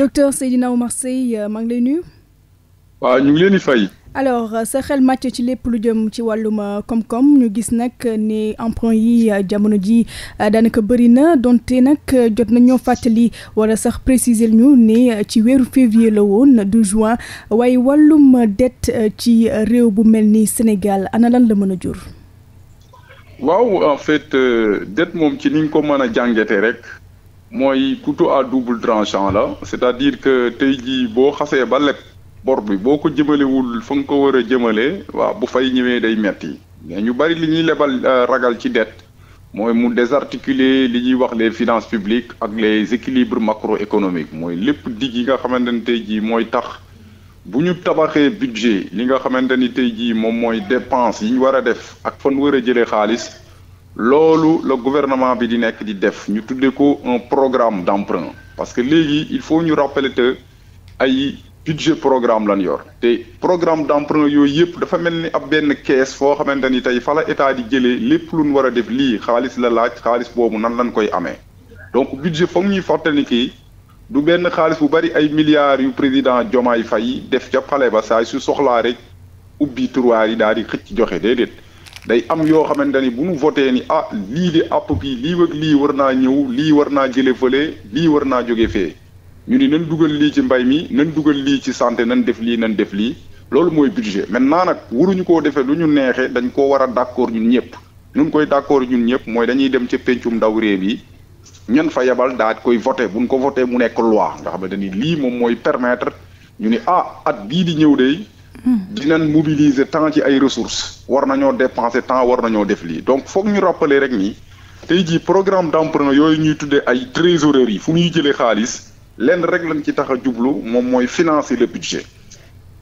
docteur Seydina Oumar Seye euh, maa ngi lay nuyu. waaw ñu leen di fay. alors euh, sa xel màcc ci lépp lu jëm ci wàllum euh, koom-koom ñu gis nag ni emprunt yi jamono ji daanaka bëri na donte nag jot nañoo fàttali wala sax préciser ñu ni ci weeru février la woon du juin waaye wàllum dette ci réew bu mel ni Sénégal ana lan la mën a jur. waaw en fait dette moom ci niñ ko mën a jàngatee mooy couteau à double tranchant la c'est-à-dire que tey jii boo xasee ba leb bor bi boo ko jëmalewul fa nga ko war a jëmale waaw bu fay ñëwee day metti mais ñu bari li ñuy lebal euh, ragal ci dette mooy mu désarticuler li ñuy wax les finances publiques ak les macro économique mooy lépp digg yi nga xamante ni tey jii mooy tax bu ñu tabaxee budget li nga xamante ni tey jii moom mooy dépense yi ñu war a def ak fan war a jëlee xaalis loolu la gouvernement bi di nekk di def ñu tuddee ko un programme d'emprunt parce que léegi il faut ñu rappeler ay budget programme lan yor te programme d'emprunt yooyu yëpp dafa mel ni ab benn kees foo xamante ni tey fala la état di jëlee lépp lu ñu war a def lii xaalis la laaj xaalis boobu nan lañ koy amee donc budget foog ñuy fàttali kii du benn xaalis bu bari ay milliards yu président Diomaye Faye def ca palais ba saay su soxlaa rek ubbi tiroir yi daal di xëcc joxe déedéet. day am yoo xamante ni bu nu voté ni ah lii di app kii lii wëg lii war naa ñëw lii war naa jële fële lii war naa jóge fee ñu ni nan dugal lii ci mbay mi nan dugal lii ci santé nan def lii nan def lii loolu mooy budget maintenant nag waruñu ko defee lu ñu neexee dañ koo war a d'accord ñun ñëpp ñun koy d'accord ñun ñëpp mooy dañuy dem ca pencum ndaw réew yi ñan fa yebal daa daal koy voté buñ ko voté mu nekk loi nga xamante ni lii moom mooy permettre ñu ni ah at bii di ñëw de dinan mobiliser temps ci ay ressource war nañoo dépensé temps war nañoo def lii donc foog ñu rappeler rek nii tey jii programme d'emprunt yooyu ñuy tuddee ay trésorerie fu ñuy jëlee xaalis lenn rek lañ ci tax a jublu moom mooy financer le budget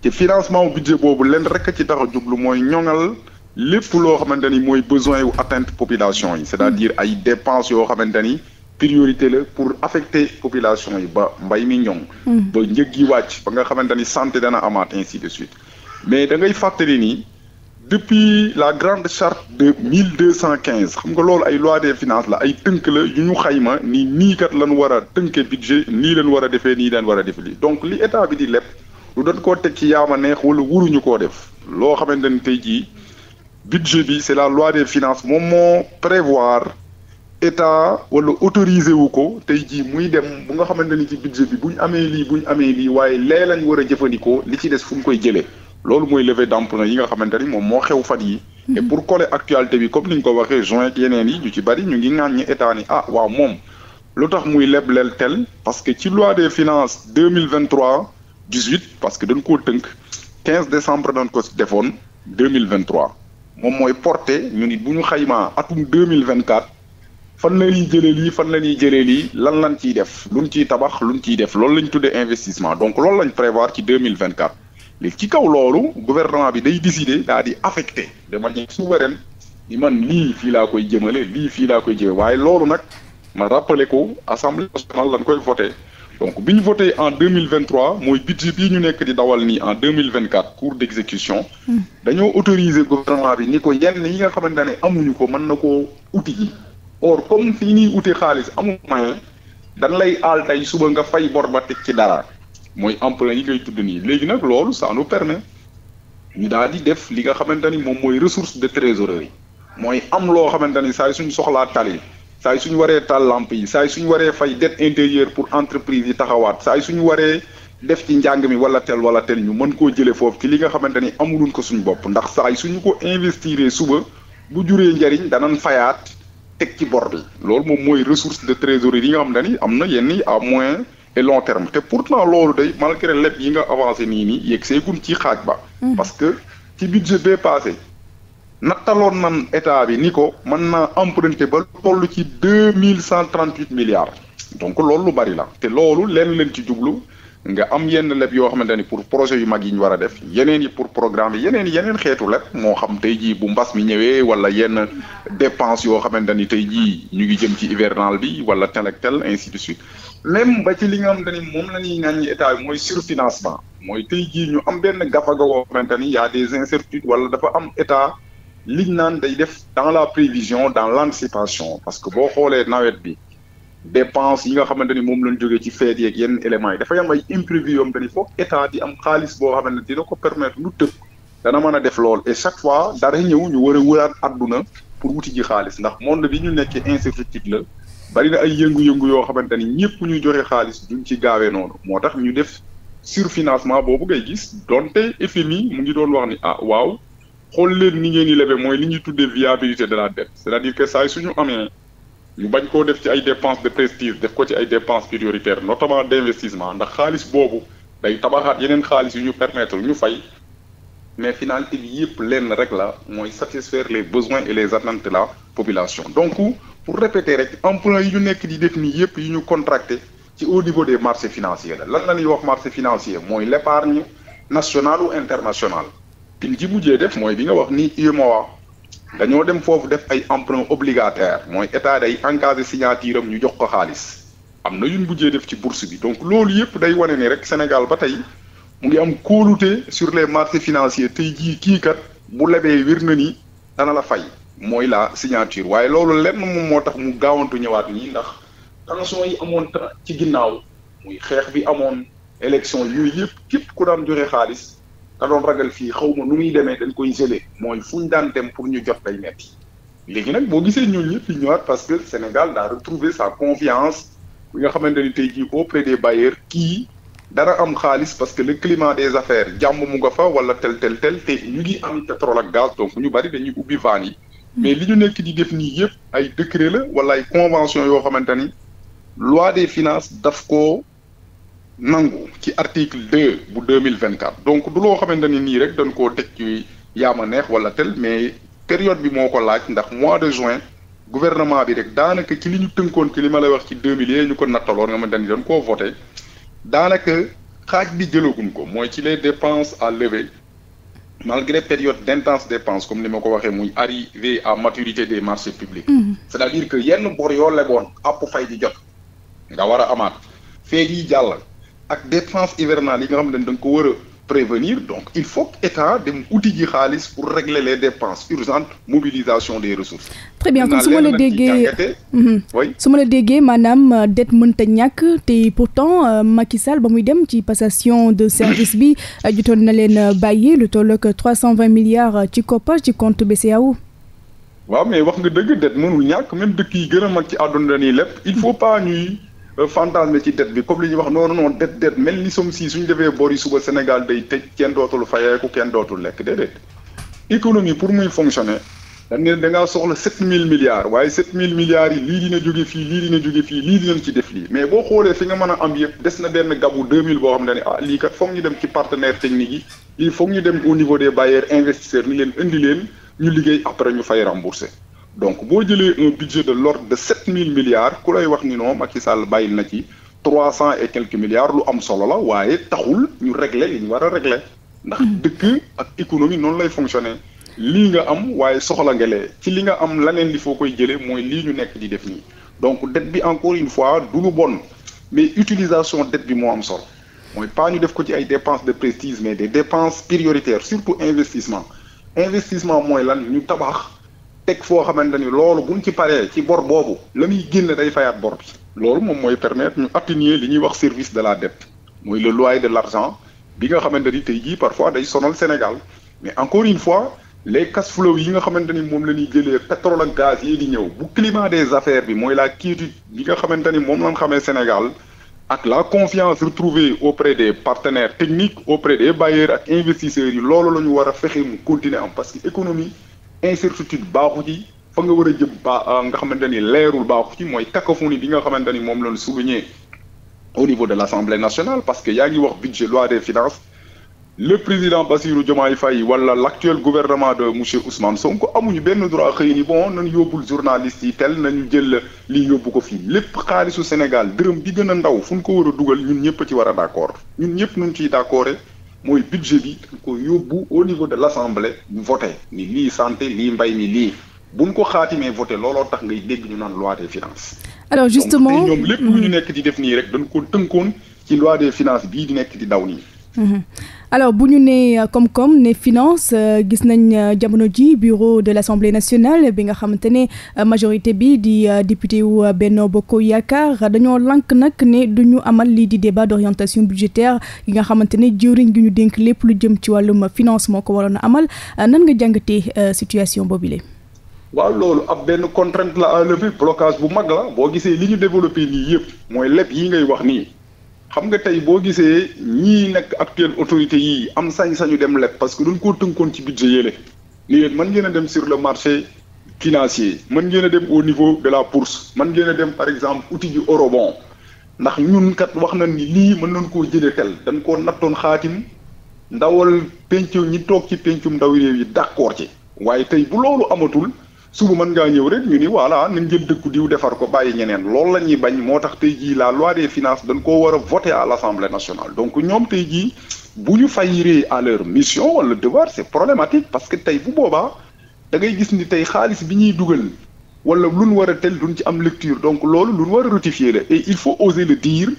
te financement budget boobu lenn rek ci tax jublu mooy ñoŋal lépp loo xamante ni mooy besoin wu atteinte population yi c'est-à-dire ay dépenses yoo xamante ni priorité la pour affecter population yi ba mbay mi ñoŋ mm. ba njëg yi wàcc nga xamante ni santé dana amaat ainsi de suite mais da ngay fàttali ni depuis la grande charte de mille deux cent quinze xam nga loolu ay loi des finance la ay tënk la yu ñu xayma nii nii kat lan war a tënkee budget nii leen war a defee nii leen war a defee lii donc li état bi di leb lu doon koo teg ci yaama neex wala ñu koo def loo xamante ni tey jii budget bi c'est la loi des finances moom moo prévoir état wala autorisé wu ko tey jii muy dem bu nga xamante ni ci budget bi bu ñu amee lii bu ñu amee lii waaye lee lañ war a jëfandikoo li ci des fu mu koy jëlee. loolu mooy levée d'emploi yi nga xamante ni moom moo xew fan yi et pour coller actualité bi comme ni ñu ko waxee juin ak yeneen yi ñu ci bari ñu ngi ŋàññi état ni ah waaw moom lu tax muy leb lebleel tel parce que ci loi des finance deux mille vingt trois dix parce que dañ koo tënk quinze décembre dañ ko defoon deux mille vingt moom mooy porté ñu ni bu ñu xaymaa atum deux mille vingt quatre fan la ñuy jëlee lii fan la ñuy jëlee lii lan lan ciy def luñ ciy tabax luñ ciy def loolu lañ tuddee investissement donc loolu lañ prévoir ci deux mille vingt quatre léegi ci kaw loolu gouvernement bi day décider daa di affecté de manière souveraine ni man lii fii laa koy jëmale lii fii laa koy jëmale waaye loolu nag ma rappelé ko assemblée nationale lañ koy voté donc bi ñu voté en deux mille vingt trois mooy budget bii ñu nekk di dawal nii en deux mille vingt quatre cours d' exécution. Hmm. dañoo autoriser gouvernement bi ni ko yenn yi nga xamante ne amuñu ko mën na koo uti ji. or comme fii ñuy uti xaalis amul moyen dañ lay aal suba nga fay bor ba teg ci dara. mooy emploi yi ngay tudd nii léegi nag loolu ça nu permet ñu daal di def li nga xamante ni moom mooy ressource de trésorerie mooy am loo xamante ni saa suñu soxlaa tali saa y suñu waree taal lamp yi saa suñ waree fay dette intérieure pour entreprise yi taxawaat saa y suñu waree def ci njàng mi wala tel wala tel ñu mën koo jëlee foofu ci li nga xamante ni amuluñ ko suñu bopp ndax saa suñu ko investir suba bu juree njariñ danañ fayaat teg ci bor bi loolu moom mooy de trésorerie yi nga xam ne ni am na yenn à moins et long terme te pourtant loolu day malgré lépp yi nga avancé nii nii yegg seegum ci xaaj ba. Mm-hmm. parce que ci budget bee passé nattaloon nan état bi ni ko mën na emprunté ba toll ci deux mille cent trente milliards. donc loolu lu bari la te loolu leen leen ci jublu nga am yenn leb yoo xamante ni pour projet yu mag yi ñu war a def yeneen yi pour programme yeneen yeneen xeetu leb moo xam tey jii bu mbas mi ñëwee wala yenn dépense yoo xamante ni tey jii ñu ngi jëm ci hivernal bi wala tel ak tel même ba ci li nga xam ni moom la ñuy ŋàññi état bi mooy surfinancement mooy tey jii ñu am benn gafaga woo xamante ni y des incertitudes wala dafa am état liñ naan day def dans la prévision dans l'anticipation parce que boo xoolee nawet bi dépense ñi nga xamante ni moom lañ jógee ci feet yeeg yenn éléments yi dafa am ay imprévu yoo xamante ni foog état di am xaalis boo xamante ni dina ko permettre lu tëb dana mën a def lool et chaque fois dara ñëw ñu war a wëraat àdduna pour wuti ji xaalis ndax monde bi ñu nekkee incertitude la bari na ay yëngu-yëngu yoo xamante ni ñëpp ñu joxe xaalis duñ ci gaawee noonu moo tax ñu def surfinancement boobu ngay gis donte mii mu ngi doon wax ni ah waaw xool leen ni ngeen di lebe mooy li ñuy tuddee viabilité de la dette c'est-à-dire que saa suñu amee ñu bañ koo def ci ay dépenses de prestige def ko ci ay dépenses prioritaires notamment d'investissement ndax xaalis boobu day tabaxaat yeneen xaalis yu ñu permettre ñu fay mais finalité bi yëpp lenn rek la mooy satisfaire les besoins les attentes de population donc pour répéter rek emprunt yi ñu nekk di def nii yëpp yu ñu contracté ci au niveau des marché financiers la lan la ñuy wax marché financier mooy l' épargne nationale ou internationale pil ji jee def mooy bi nga wax ni UEMOA dañoo dem foofu def ay emprunt obligataire mooy état day engagé signature am ñu jox ko xaalis am na yuñ mujjee def ci bourse bi donc loolu yëpp day wane ni rek Sénégal ba tey mu ngi am kóolute sur les marchés financiers tey jii kii kat bu lebee wir na ni dana la fay mooy la signature waaye loolu lenn moom moo tax mu gaawantu ñëwaat nii ndax tension yi amoon ci ginnaaw muy xeex bi amoon élection yooyu yëpp képp ku daan joxe xaalis ka doon ragal fii xaw ma nu muy demee dañ koy jëlee mooy fu ñu daan dem pour ñu jot day metti léegi nag boo gisee ñun ñëpp ñu ñëwaat parce que Sénégal daa retrouver sa confiance bi nga xamante ni tey jii auprès des bailleurs kii dara am xaalis parce que le climat des affaires jàmm nga fa wala tel tel tel te ñu ngi am pétrole ak ñu bari dañuy ubbi vannes yi mais li ñu nekk di def nii yëpp ay décret la wala ay convention yoo xamante ni loi des finances daf ko nangu ci article deux bu deux mille vingt quatre donc du loo xamante ni nii rek dañ koo teg ci yaama neex wala tel mais période bi moo ko laaj ndax mois de juin gouvernement bi rek daanaka ci li ñu tënkoon ci li ma lay wax ci deux mille yee ñu ko nattaloon nga ma ni dañ koo voté daanaka xaaj bi jëlaguñ ko mooy ci les dépenses à lever malgré période d'intense dépense comme ni ma ko waxee muy arrivé à maturité des marchés publics mhm. c'est-à-dire que yenn bor yoo leboon àpp fay di jot nga war a amaat fee yi jàll ak dépense hivernale yi nga xam ne da nga ko war a prévenir donc il faut que état dem uti ji xaalis pour régler les dépenses urgentes mobilisation des ressources. très bien kon su ma la déggee mhm. oui su ma la déggee maanaam euh, dette mënta ñàkk te pourtant euh, Macky Sall ba muy dem ci passation de service bi euh, jotoon na leen bàyyi lu toll ak cent vingt milliards ci koppar ci compte BCEAO. waaw mais wax nga dëgg dette mënul ñàkk même dëkk yi gën a mag ci àdduna nii il faut pas ñuy. fantasme ci dette bi comme li ñuy wax non non dette dette mel ni som si suñu defee bor suba Sénégal day tëj kenn dootul fayeeku kenn dootul lekk déedéet économie pour muy fonctionner dañ ne da ngaa soxla sept mille milliards waaye sept mille milliards yi lii dina jóge fii lii dina jóge fii lii dinañ ci def lii mais boo xoolee fi nga mën a am yëpp des na benn gabu deux mille boo xam ne ah lii kat foog ñu dem ci partenaire technique yi lii foog ñu donc boo jëlee un budget de l'ordre de sept mille milliards ku lay wax ni non Macky sàll bàyyil na ci trois cent et quelques milliards lu am solo la waaye taxul ñu régler li ñu war a régler ndax hmm. dëkk ak économie noonu lay fonctionner lii nga am waaye soxla nga lee ci li nga am laneen li foo koy jëlee mooy lii ñu nekk di def nii donc dette bi encore une fois du lu bon mais utilisation dette bi moo am solo mooy pas ñu def ko ci ay dépenses de prestige mais des dépenses prioritaires surtout investissement investissement mooy lan ñu tabax teg foo xamante ni loolu buñ ci pare ci bor boobu la muy génne day fayaat bor bi loolu moom mooy permettre ñu atténuer li ñuy wax service de la dette mooy le loyer de l'argent bi nga xamante ni tey jii parfois day sonal Sénégal mais encore une fois les cash flow yi nga xamante ni moom la ñuy jëlee pétrole ak gaz yi di ñëw bu climat des affaires bi mooy la quiétude bi nga xamante ni moom lañ xamee Sénégal ak la confiance retrouvée auprès des partenaires techniques auprès des bailleurs ak investisseurs yi loolu la ñu war a fexe mu continuer parce que économie incertitude baaxu ci fa nga war a jëm ba euh, nga xamante ni leerul baaxu ci mooy cacophonie bi nga xamante ni moom lañ souligner au niveau de l'Assemblée nationale parce que yaa ngi wax budget loi des finances le président Bassirou Diomaye Faye wala l'actuel gouvernement de monsieur Ousmane Sonko amuñu benn droit xëy ni bon nañu yóbbul journaliste yi tel nañu jël li yóbbu ko fii lépp xaalisu Sénégal dërëm bi gën a ndaw fu ñu ko war a dugal ñun ñëpp ci war a d'accord ñun ñëpp ñu ciy d'accordé mooy budget bi dañ ko yóbbu au niveau de l'assemblée voté ni lii santé lii mbay mi lii bu buñ ko xaatimee voté looloo tax ngay dégg ñu naan loi des finances alors justement ñoom lépp lu ñu nekk di def nii rek dañ ko tënkoon ci loi des finance bii di nekk di daw nii Mhm. alors bu ñu nee euh, koom-koom ne finance euh, gis nañ euh, jamono ji bureau de l'Assemblée nationale bi nga xamante ne majorité bi di député wu Benno Bokk Yaakaar dañoo lank nag ne du ñu amal lii di débat d'orientation budgétaire yi nga xamante ne jëwriñ gi ñu dénk lépp lu jëm ci wàllum finance moo ko waroon a amal nan nga jàngatee situation boobule. waaw loolu ab benn contrainte la à lever blocage bu mag la boo gisee li ñu développé nii yëpp mooy leb yi ngay wax nii. xam nga tey boo gisee ñii nekk actuelle autorité yi am sañ-sañu dem leb parce que duñ koo tënkoon ci budget yële ni leen mën ngeen a dem sur le marché financier man ngeen a dem au niveau de la pourse man ngeen a dem par exemple outil du eurobond ndax ñun kat wax na ni lii mën nañ koo jëlee tel dañ koo nattoon xaatim ndawal pencu ñi toog ci pencum ndaw réew yi d'accord ci waaye tey bu loolu amatul suba mën ngaa ñëw rek ñu ni voilà nañ jël dëkku diw defar ko bàyyi ñeneen loolu la ñuy bañ moo tax tey jii la loi des finances dañ ko war a voter à l'Assemblée nationale donc ñoom tey jii bu ñu fayiree à leur mission wala devoir c'est problématique parce que tey bu boobaa da ngay gis ni tey xaalis bi ñuy dugal wala lu ñu war a tel duñ ci am lecture donc loolu lu ñu war a ratifier la et il faut oser le dire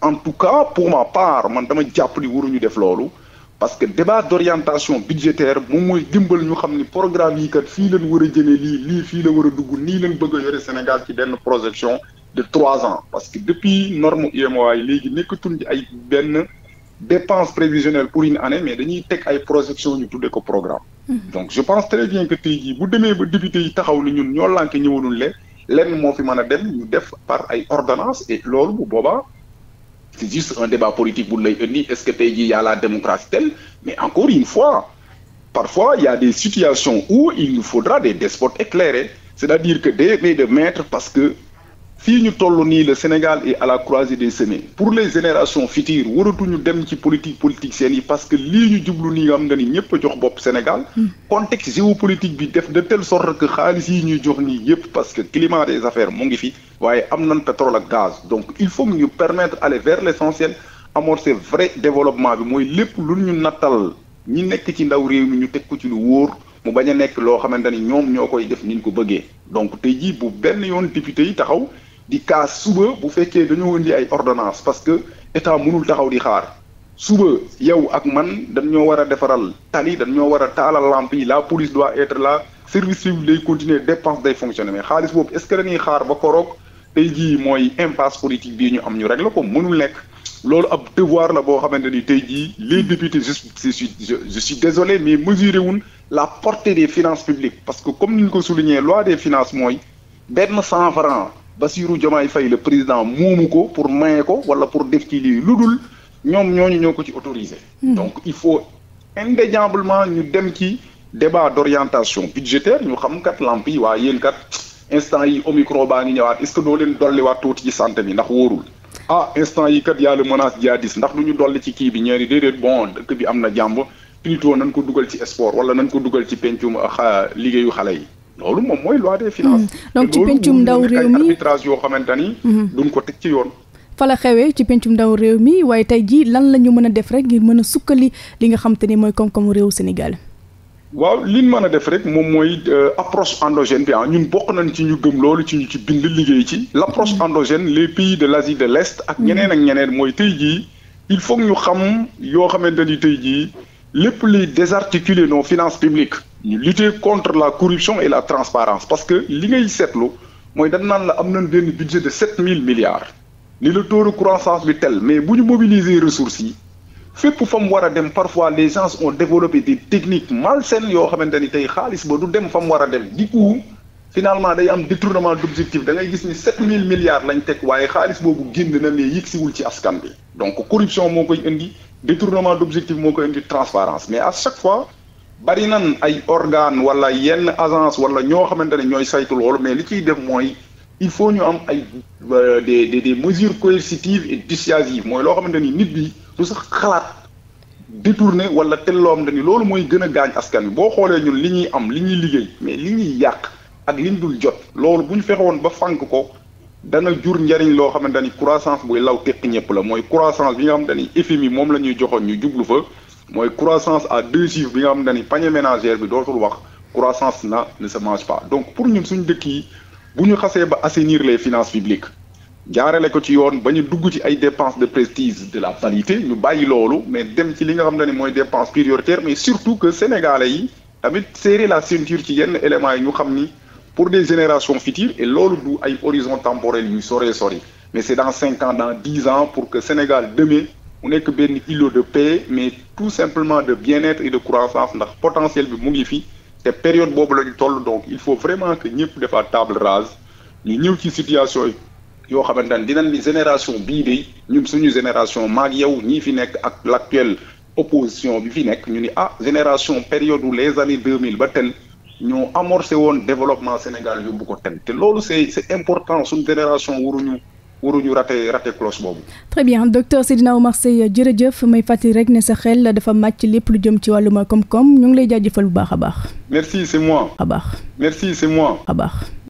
en tout cas pour ma part man dama jàpp ni waruñu def loolu parce que débat d'orientation budgétaire moom mooy dimbal ñu xam ni programme yi kat fii leen war a jëlee lii lii fii la war a dugg nii leen bëgg a yore Sénégal ci benn projection de trois ans parce que depuis norme UEMOA yi léegi nekkatul ci ay benn dépense prévisionnelle pour une anne mais dañuy teg ay projection ñu tudde ko programme. Mm-hmm. donc je pense très bien que tey jii bu demee ba député yi taxaw ni ñu ñoo lànk ñëwalul le lenn moo fi mën a dem ñu def par ay ordonnance loolu bu boobaa. c'est juste un débat politique bu lay indi est-ce que tey jii y la démocratie telle mais encore une fois parfois il y a des situations où il faudra des despotes éclairés c'est-à-dire que des mains de maître parce que fii ñu toll nii le Sénégal est à la croisée des chemins pour les générations waratu ñu dem ci politique politicienne yi parce que lii ñu jublu nii xam nga ni ñëpp a jox bopp Sénégal mm. contexte géopolitique bi def de telle sorte que jox nii yëpp parce que climat des mu ngi fi waaye am nañ pétrole ak gaz donc il faut ñu permettre aller vers l'essentiel amorcer vrai développement bi mooy lépp lu ñu nattal ñi nekk ci ndaw réew mi ñu teg ko ci lu wóor mu bañ a nekk loo xamante ni ñoom ñoo koy def ni ñu ko bëggee donc tey jii bu benn yoon député yi taxaw di kaas suba bu fekkee dañoo indi ay ordonnance parce que état mënul taxaw di xaar suba yow ak man dañ ñoo war a defaral tali dañ ñoo war a taalal lamp yi la police doit être là service civil day xaalis boobu est-ce que dañuy xaar ba koroog tey jii mooy impasse politique bii ñu am ñu régler ko mënul nekk loolu ab devoir la boo xamante ni tey jii les députés je suis je suis désolé mais mesuré wun la portée des finances publiques parce que comme ni ñu ko souligné loi des finances mooy benn cent franc Bassirou Diomaye fay la président moomu ko pour maye ko wala pour def ci lii lu dul ñoom ñoo ñu ñoo ko ci autorisé. Hmm. donc il faut indéniablement ñu dem ci débat d' orientation budgétaire ñu xam kat lamp kat. instant yi omicron baa ngi ñëwaat est-ce que doo leen dolliwaat tuuti ci santé bi ndax wóorul. ah instant yi kat yàlla menace jihadiste ndax du ñu dolli ci kii bi ñeeri déedéet bon dëkk bi am na jàmb plutôt nañ ko dugal ci sport wala nañ ko dugal ci pencum euh, liggéeyu xale yi. loolu moom mooy loi des finances. Hmm. donc ci pencum ndaw réew mi arbitrage yoo xamante ni. Hmm. duñ ko teg ci yoon. fa la xewee ci pencum ndaw réew mi waaye tey jii lan la ñu mën a def rek ngir mën a sukkali li nga xam te ni mooy kom koomu réew Sénégal. waaw li ñu mën a def rek moom mooy euh, approche endogène bi ah ñun bokk nañ ci ñu gëm loolu ci ñu ci bind liggéey ci. l' approche mm-hmm. endogène pays de l' Asie de l' ak mm-hmm. ñeneen ak ñeneen mooy tey jii il faut ñu xam yoo xamante ni tey jii lépp luy désarticuler nos finance publiques. ñu lutter contre la corruption et la transparence parce que li ngay seetlu mooy dañ naan la am nañ benn budget de sept mille milliards. ni le taux de croissance bi tel mais bu ñu mobiliser ressources yi. fépp fa mu war a dem parfois les gens ont développé des techniques malsaines yoo xamante tey xaalis ba du dem fa mu war a dem di ko finalement day am détournement d'objectif da ngay gis ni sept mille milliards lañ teg waaye xaalis boobu génn na mais yëgsiwul ci askan bi donc corruption moo koy indi détournement d'objectif moo koy indi transparence mais à chaque fois bari nan ay organe wala yenn agence wala ñoo xamante ne ñooy saytu loolu mais li ciy def mooy il faut ñu am ay euh, des des mesures coercitives et dissuasives mooy loo xamante ni nit bi du sax xalaat détourné wala telloom la ni loolu mooy gën a gaañ askan bi boo xoolee ñun li ñuy am li ñuy liggéey mais li ñuy yàq ak li ñu dul jot loolu bu ñu fexe ba fànk ko dana jur njariñ loo xamante ni croissance buy law teq ñëpp la mooy croissance bi nga xamante ni FMI moom la ñuy joxoon ñu jublu fa mooy croissance à deux chiffres bi nga xamante ni panier ménagère bi dootul wax croissance na ne se mange pas donc pour ñun suñu dëkk yi bu ñu xasee ba assainir les finances publiques jaarale ko ci yoon ba ñu dugg ci ay dépenses de prestige de la qualité ñu bàyyi loolu mais dem ci li nga xam ne mooy dépense prioritaire mais surtout que sénégalais yi tamit serrer la ceinture ci yenn éléments yi ñu xam ni pour des générations futures et loolu du ay horizon temporel yu soree sori mais c'est dans cinq ans dans dix ans pour que Sénégal demain mu nekk benn îlot de paix mais tout simplement de bien-être et de croissance ndax potentiel bi mu ngi fi te période boobu la ñu toll donc il faut vraiment que ñëpp defa table rase ñu ñëw ci situation yi yoo xamante ne dinañ ni génération bii de suñu génération maak yow ñii fi nekk ak l'actuelle opposition bi fi nekk ñu ni ah génération période les années deux mille ba tel ñoo amorcé woon développement Sénégal yóbbu ko tel te loolu c'est c'est important suñu génération waruñu waruñu rate raté cloche boobu. très bien docteur Seydina Oumar Seye jërëjëf may fàtti rek ne sa xel la dafa màcc lépp lu jëm ci wàllum koom-koom ñu ngi lay jaajëfal bu baax a baax. merci c'est moi. a baax merci c'est moi. a baax.